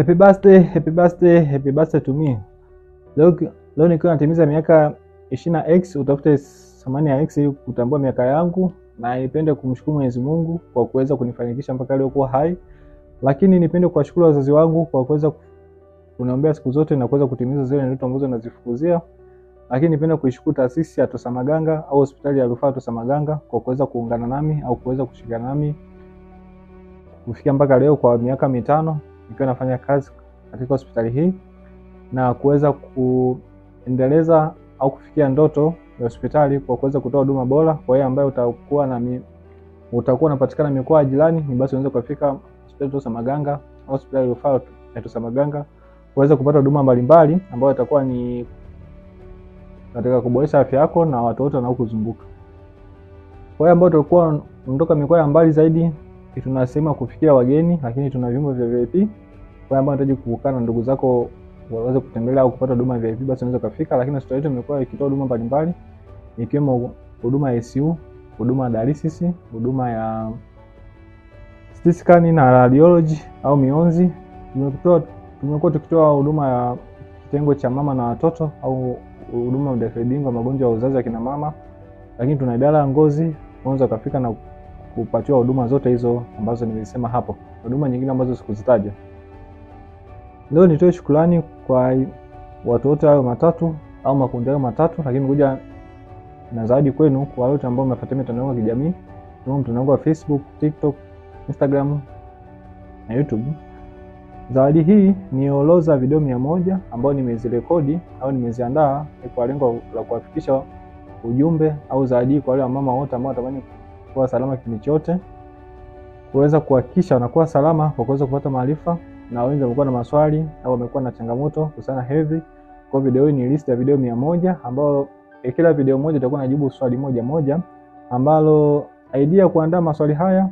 Happy birthday, happy birthday, happy birthday to me. Leo leo nikiwa natimiza miaka 20x, utafute thamani ya x ili kutambua miaka yangu na nipende kumshukuru Mwenyezi Mungu kwa kuweza kunifanikisha mpaka leo kuwa hai. Lakini nipende kuwashukuru wazazi wangu kwa kuweza kuniombea siku zote na kuweza kutimiza zile ndoto ambazo nazifukuzia. Lakini nipende kuishukuru taasisi ya Tosamaganga au hospitali ya Rufaa Tosamaganga kwa kuweza kuungana nami au kuweza kushikana nami kufikia mpaka leo kwa miaka mitano nikiwa nafanya kazi katika hospitali hii na kuweza kuendeleza au kufikia ndoto ya hospitali kwa kuweza kutoa huduma bora kwa yeye ambaye utakuwa na mi, utakuwa unapatikana mikoa ya jirani, ni basi unaweza kufika hospitali ya au hospitali ya rufaa ya Tosamaganga kuweza kupata huduma mbalimbali ambayo itakuwa ni katika kuboresha afya yako na watu wote wanaokuzunguka. Kwa hiyo ambao tulikuwa unatoka mikoa ya mbali zaidi tuna sehemu ya kufikia wageni, lakini tuna vyumba vya VIP. Kwa ambao unahitaji kukaa na ndugu zako waweze kutembelea au kupata huduma ya VIP, basi unaweza kufika. Lakini hospitali yetu imekuwa ikitoa huduma mbalimbali, ikiwemo huduma ya ICU, huduma ya dialysis, huduma ya CT scan na radiology au mionzi. Tumekuwa tumekuwa tukitoa huduma ya kitengo cha mama na watoto au huduma ya udaktari bingwa magonjwa ya uzazi wa kina mama, lakini tuna idara ya ngozi, unaweza kufika na kupatiwa huduma zote hizo ambazo nimesema hapo, huduma nyingine ambazo sikuzitaja. Leo nitoe shukrani kwa watu wote hayo matatu au makundi hayo matatu, lakini kuja na zawadi kwenu kwa wote ambao mmefuatia mitandao ya kijamii kama mtandao wa Facebook, TikTok, Instagram na YouTube. Zawadi hii ni orodha video mia moja ambayo nimezirekodi au nimeziandaa kwa lengo la kuwafikisha ujumbe au zawadi kwa wale wamama wote ambao watamani kuwa salama kipindi chote, kuweza kuhakikisha wanakuwa salama kwa kuweza kupata maarifa, na wengi wamekuwa na maswali au wamekuwa na changamoto kuhusiana hedhi. Kwa video hii ni list ya video mia moja ambayo e, kila video moja itakuwa najibu swali moja moja, ambalo idea ya kuandaa maswali haya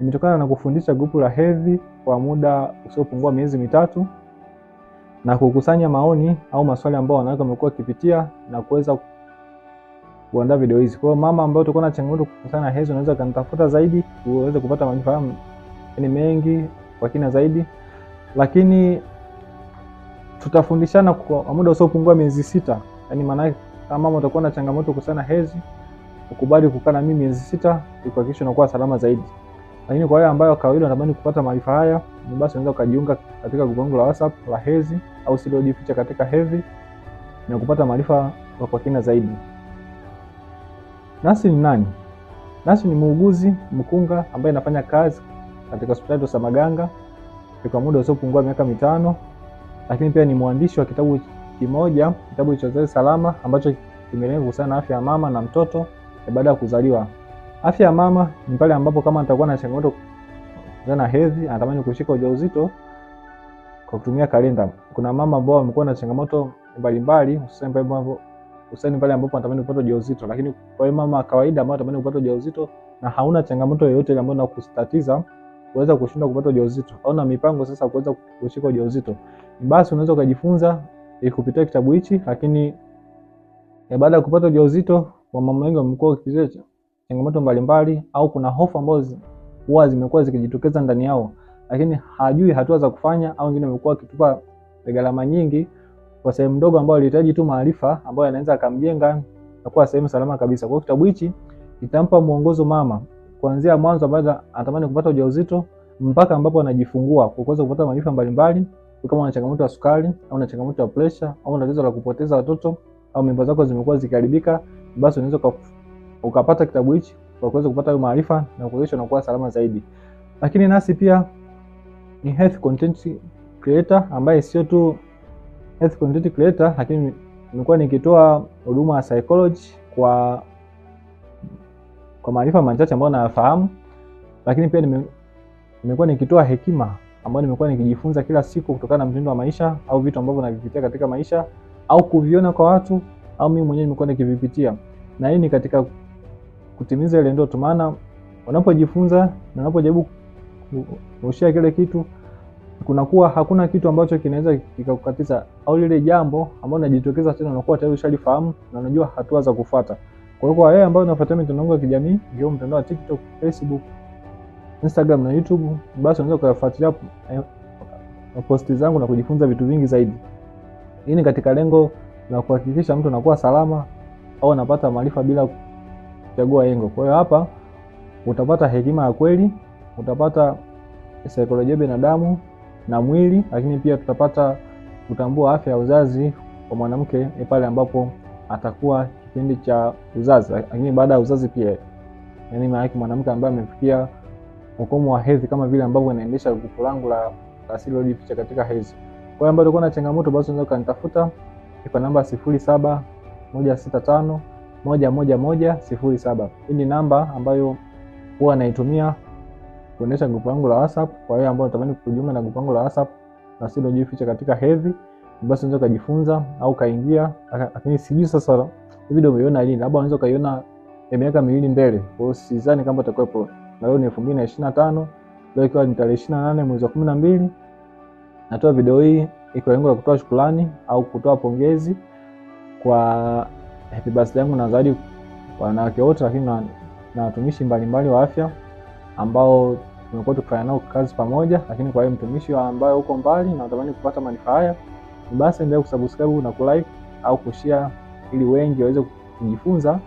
imetokana na kufundisha grupu la hedhi kwa muda usiopungua miezi mitatu na kukusanya maoni au maswali ambao wanawake wamekuwa wakipitia na kuweza kuandaa video hizi. Kwa mama ambaye utakuwa na changamoto kuhusiana na hedhi, unaweza kanitafuta zaidi uweze kupata manufaa ni mengi kwa kina zaidi, lakini tutafundishana kwa muda usiopungua miezi sita. Yani maana kama mama utakuwa na changamoto kuhusiana na hedhi, ukubali kukaa na mimi miezi sita ili kuhakikisha unakuwa salama zaidi. Lakini kwa wale ambao kawaida wanatamani kupata maarifa haya, ni basi unaweza ukajiunga katika grupu langu la WhatsApp la hedhi au Siri katika hedhi na kupata maarifa kwa kina zaidi. Nasi ni nani? Nasi ni muuguzi mkunga ambaye anafanya kazi katika hospitali ya Samaganga kwa muda usiopungua miaka mitano, lakini pia ni mwandishi wa kitabu kimoja, kitabu cha Uzazi Salama ambacho kimelenga kuhusiana na afya ya mama na mtoto baada ya kuzaliwa. Afya ya mama ni pale ambapo kama atakuwa na changamoto na hedhi, anatamani kushika ujauzito kwa kutumia kalenda. Kuna mama ambao wamekuwa na changamoto mbalimbali hususan pale ambapo hususani pale ambapo anatamani kupata ujauzito. Lakini kwa mama kawaida ambaye anatamani kupata ujauzito na hauna changamoto yoyote ile ambayo inakustatiza kuweza kushindwa kupata ujauzito au na mipango sasa kuweza kushika ujauzito, basi unaweza ukajifunza kupitia kitabu hichi. Lakini baada ya kupata ujauzito, wamama wengi wamekuwa wakipitia changamoto mbalimbali, au kuna hofu ambazo huwa zimekuwa zikijitokeza ndani yao, lakini hajui hatua za kufanya, au wengine wamekuwa wakitupa gharama nyingi kwa sehemu ndogo ambayo alihitaji tu maarifa ambayo anaweza akamjenga na kuwa sehemu salama kabisa. Kwa kitabu hichi kitampa mwongozo mama kuanzia mwanzo ambapo anatamani kupata ujauzito mpaka ambapo anajifungua kwa kuweza kupata maarifa mbalimbali, kama una changamoto ya sukari au una changamoto ya pressure au una tatizo la kupoteza watoto au mimba zako zimekuwa zikiharibika, basi unaweza ukapata kitabu hichi kwa kuweza kupata hayo maarifa na kuwezesha na kuwa salama zaidi. Lakini nasi pia ni health content creator ambaye sio tu health content creator, lakini nimekuwa nikitoa huduma ya psychology kwa kwa maarifa machache ambayo nayafahamu, lakini pia nimekuwa nikitoa hekima ambayo nimekuwa nikijifunza kila siku kutokana na mtindo wa maisha au vitu ambavyo navipitia katika maisha au kuviona kwa watu au mimi mwenyewe nimekuwa nikivipitia, na hii ni katika kutimiza ile ndoto, maana unapojifunza na unapojaribu kushia kile kitu kunakuwa hakuna kitu ambacho kinaweza kikakukatiza au lile jambo ambalo linajitokeza tena, unakuwa tayari ushalifahamu na unajua hatua za kufuata. Kwa hiyo kwa wewe ambaye unafuatia mitandao ya kijamii, ndio mtandao wa TikTok, Facebook, Instagram na YouTube, basi unaweza kuyafuatilia eh, posti zangu na kujifunza vitu vingi zaidi. Hii ni katika lengo la kuhakikisha mtu anakuwa salama au anapata maarifa bila kuchagua engo. Kwa hiyo hapa utapata hekima ya kweli, utapata saikolojia binadamu na mwili, lakini pia tutapata kutambua afya ya uzazi kwa mwanamke pale ambapo atakuwa kipindi cha uzazi, lakini baada ya uzazi pia. Yani maana yake mwanamke ambaye amefikia ukomo wa hedhi, kama vile ambavyo inaendesha gupu langu la asili asilojificha katika hedhi. Kwa hiyo ambayo tulikuwa na changamoto, basi unaweza kanitafuta kwa namba 07 07. Hii ni namba ambayo huwa naitumia kuonesha grupu yangu la WhatsApp. Kwa hiyo ambao unatamani kujiunga na grupu yangu la WhatsApp na sio unajui ficha katika hedhi, basi unaweza kujifunza au kaingia, lakini sijui sasa hivi video umeiona lini, labda unaweza kaiona miaka miwili mbele. Kwa hiyo sidhani kama itakuwepo, na leo ni 2025 leo ikiwa ni tarehe 28 mwezi wa 12, natoa video hii iko lengo la kutoa shukrani au kutoa pongezi kwa happy birthday yangu na zawadi wanawake wote, lakini na watumishi mbalimbali wa afya ambao tumekuwa tukifanya nao kazi pamoja. Lakini kwa hiyo mtumishi ambaye uko mbali na unatamani kupata manufaa haya, basi endelea kusubscribe na kulike au kushare, ili wengi waweze kujifunza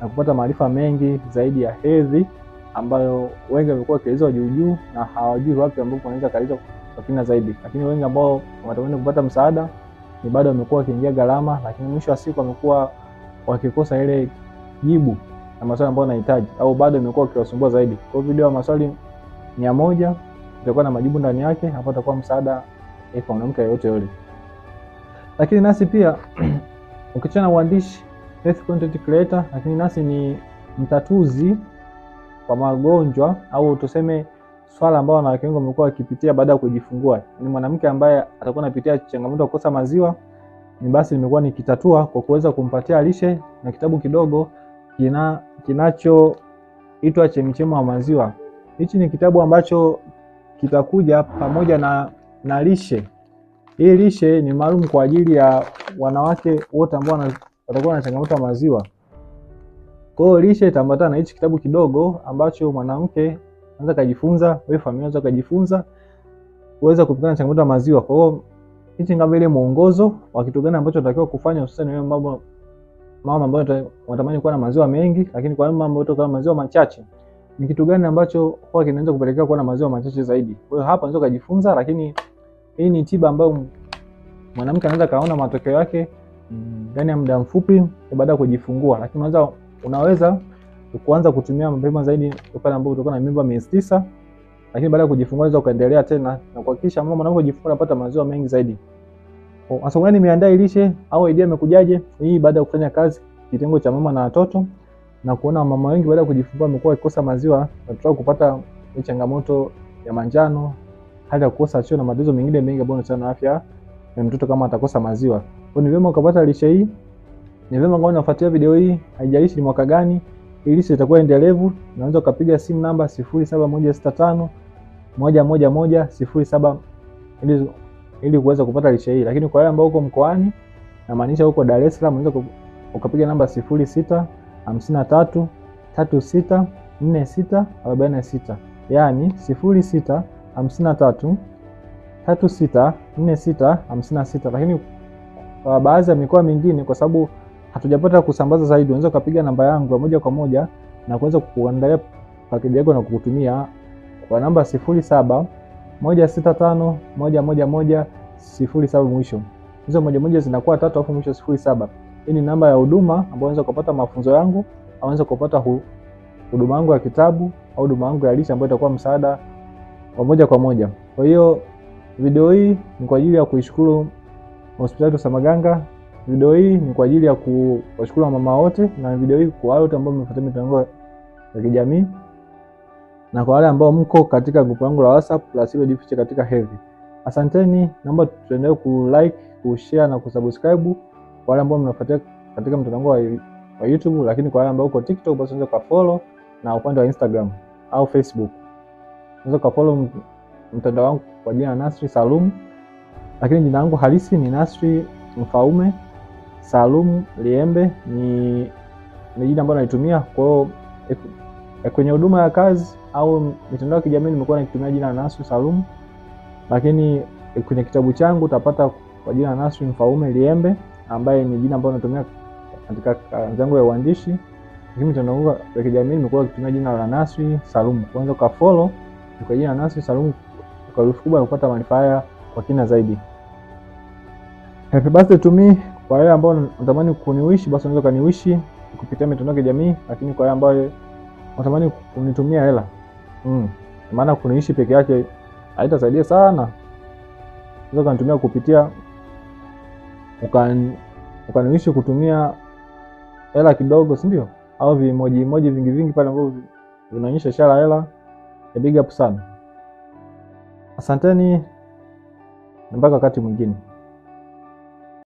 na kupata maarifa mengi zaidi ya hedhi ambayo wengi wamekuwa wakielezwa juu juu na hawajui wapi ambapo wanaweza kaliza kwa kina zaidi. Lakini wengi ambao wanatamani kupata msaada ni bado wamekuwa wakiingia gharama, lakini mwisho wa siku wamekuwa wakikosa ile jibu na maswali ambayo unahitaji au bado imekuwa ukiwasumbua zaidi. Kwa video ya maswali mia moja itakuwa na majibu ndani yake, hapo atakuwa msaada eh, kwa mwanamke yeyote yule. Lakini nasi pia ukichana na uandishi health content creator, lakini nasi ni mtatuzi kwa magonjwa au tuseme swala ambao wanawake wengi wamekuwa wakipitia baada ya kujifungua. Ni yaani mwanamke ambaye atakuwa anapitia changamoto ya kukosa maziwa, ni basi nimekuwa nikitatua kwa kuweza kumpatia lishe na kitabu kidogo kina, kinachoitwa chemchemo ya Maziwa. Hichi ni kitabu ambacho kitakuja pamoja na, na lishe. Hii lishe ni maalum kwa ajili ya wanawake wote ambao watakuwa na changamoto ya maziwa. Kwa hiyo lishe itaambatana na hichi kitabu kidogo ambacho mwanamke anaweza kujifunza, wewe familia unaweza kujifunza uweza kupigana changamoto ya maziwa. Kwa hiyo hichi kama mwongozo wa kitu gani ambacho unatakiwa kufanya hususan wewe mama mama ambao wanatamani kuwa na maziwa mengi, lakini kwa mama ambao na maziwa machache, ni kitu gani ambacho kwa kinaweza kupelekea kuwa na maziwa machache zaidi? Kwa hiyo hapa unaweza kujifunza, lakini hii ni tiba ambayo mwanamke anaweza kaona matokeo yake mm, ndani ya muda mfupi baada ya kujifungua, lakini unaweza unaweza kuanza kutumia mapema zaidi pale ambapo utakuwa na mimba miezi tisa, lakini baada ya kujifungua unaweza ukaendelea tena na kuhakikisha mama anapojifungua anapata maziwa mengi zaidi. Masomo gani nimeandaa lishe au idea imekujaje? Hii baada ya kufanya kazi kitengo cha mama na watoto na kuona mama wengi baada ya kujifungua wamekuwa wakikosa maziwa, watoto kupata changamoto ya manjano, hali ya kukosa choo na matatizo mengine mengi ambayo yanachana afya ya mtoto kama atakosa maziwa. Kwa ni vyema ukapata lishe hii. Ni vyema kama unafuatilia video hii, haijalishi ni mwaka gani, lishe itakuwa endelevu. Unaweza ukapiga simu namba 0715 111 07 ili ili kuweza kupata lishe hii. Lakini kwa wale ambao uko mkoani, namaanisha huko Dar es Salaam, unaweza ukapiga namba 0653364646 yani 0653364656 yaani Lakini kwa uh, baadhi ya mikoa mingine, kwa sababu hatujapata kusambaza zaidi, unaweza ukapiga namba yangu ya moja kwa moja na kuweza kuandalia pakeji yako na kukutumia kwa namba 07 moja sita tano moja moja moja sifuri saba mwisho. Hizo moja moja zinakuwa tatu alafu mwisho sifuri saba. Hii ni namba ya huduma ambayo unaweza kupata mafunzo yangu au unaweza kupata huduma yangu ya kitabu au huduma yangu ya lishe ambayo itakuwa msaada wa moja kwa moja. Kwa hiyo video hii ni kwa ajili ya kuishukuru hospitali ya Samaganga. Video hii ni kwa ajili ya kuwashukuru mama wote, na video hii kwa wale wote ambao wamefuatilia mitandao ya kijamii na kwa wale ambao mko katika grupu yangu la WhatsApp la Silo Jifiche katika Heavy, asanteni. Naomba tuendelee ku like, ku share na ku subscribe kwa wale ambao mnafuatia katika mtandao wangu wa, YouTube, lakini kwa wale ambao uko TikTok basi unaweza follow na upande wa Instagram au Facebook unaweza follow mtandao wangu kwa jina Nasri Salum, lakini jina langu halisi ni Nasri Mfaume Salum Liembe, ni ni jina ambalo naitumia kwa hiyo Eh, kwenye huduma ya kazi au mitandao ya kijamii nimekuwa nikitumia jina Naswi Salum, lakini eh, kwenye kitabu changu utapata kwa jina Naswi Mfaume Liembe, ambaye ni jina ambalo natumia katika kazi yangu ya uandishi. Lakini mitandao ya kijamii nimekuwa nikitumia jina la Naswi Salum, kwanza ka follow kwa jina Naswi Salum kwa herufi kubwa, kupata maarifa haya kwa kina zaidi. Happy birthday to me, kwa wale ambao natamani kuniwishi basi unaweza kaniwishi kupitia mitandao ya kijamii, lakini kwa wale ambao unatamani kunitumia hela mm. Maana kuniishi peke yake haitasaidia sana, unaweza kunitumia kupitia ukan ukaniishi kutumia hela kidogo, si ndio? Au vimoji moji vingi vingi pale ambavyo vinaonyesha ishara hela. Big up sana, asanteni na mpaka wakati mwingine.